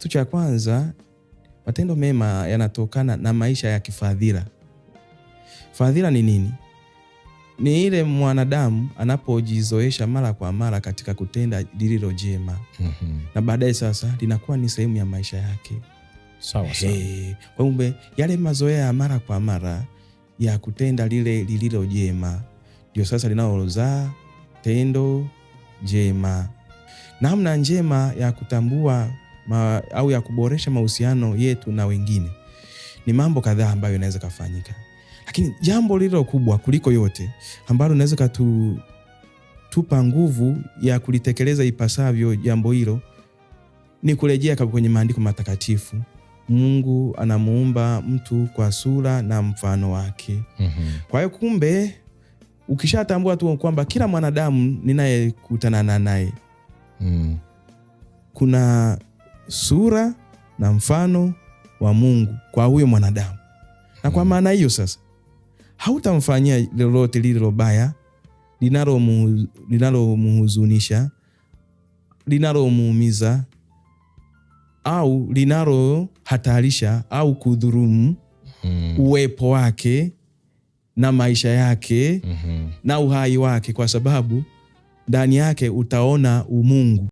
Kitu cha kwanza, matendo mema yanatokana na maisha ya kifadhila. Fadhila ni nini? Ni ile mwanadamu anapojizoesha mara kwa mara katika kutenda lililo jema mm -hmm. na baadaye sasa linakuwa ni sehemu ya maisha yake. Sawa sawa. Kumbe yale mazoea ya mara kwa mara ya kutenda lile lililo jema ndio sasa linalozaa tendo jema. Namna njema ya kutambua ma, au ya kuboresha mahusiano yetu na wengine. Ni mambo kadhaa ambayo inaweza kafanyika, lakini jambo lililo kubwa kuliko yote ambalo inaweza katupa nguvu ya kulitekeleza ipasavyo jambo hilo ni kurejea kwenye maandiko matakatifu. Mungu anamuumba mtu kwa sura na mfano wake. mm -hmm. Kwa hiyo kumbe, ukishatambua tu kwamba kila mwanadamu ninayekutana naye mm. kuna sura na mfano wa Mungu kwa huyo mwanadamu. Na kwa mm. maana hiyo sasa, hautamfanyia lolote lililo baya linalomuhuzunisha, linalomuumiza au linalohatarisha au kudhurumu hmm. uwepo wake na maisha yake mm -hmm. na uhai wake, kwa sababu ndani yake utaona umungu.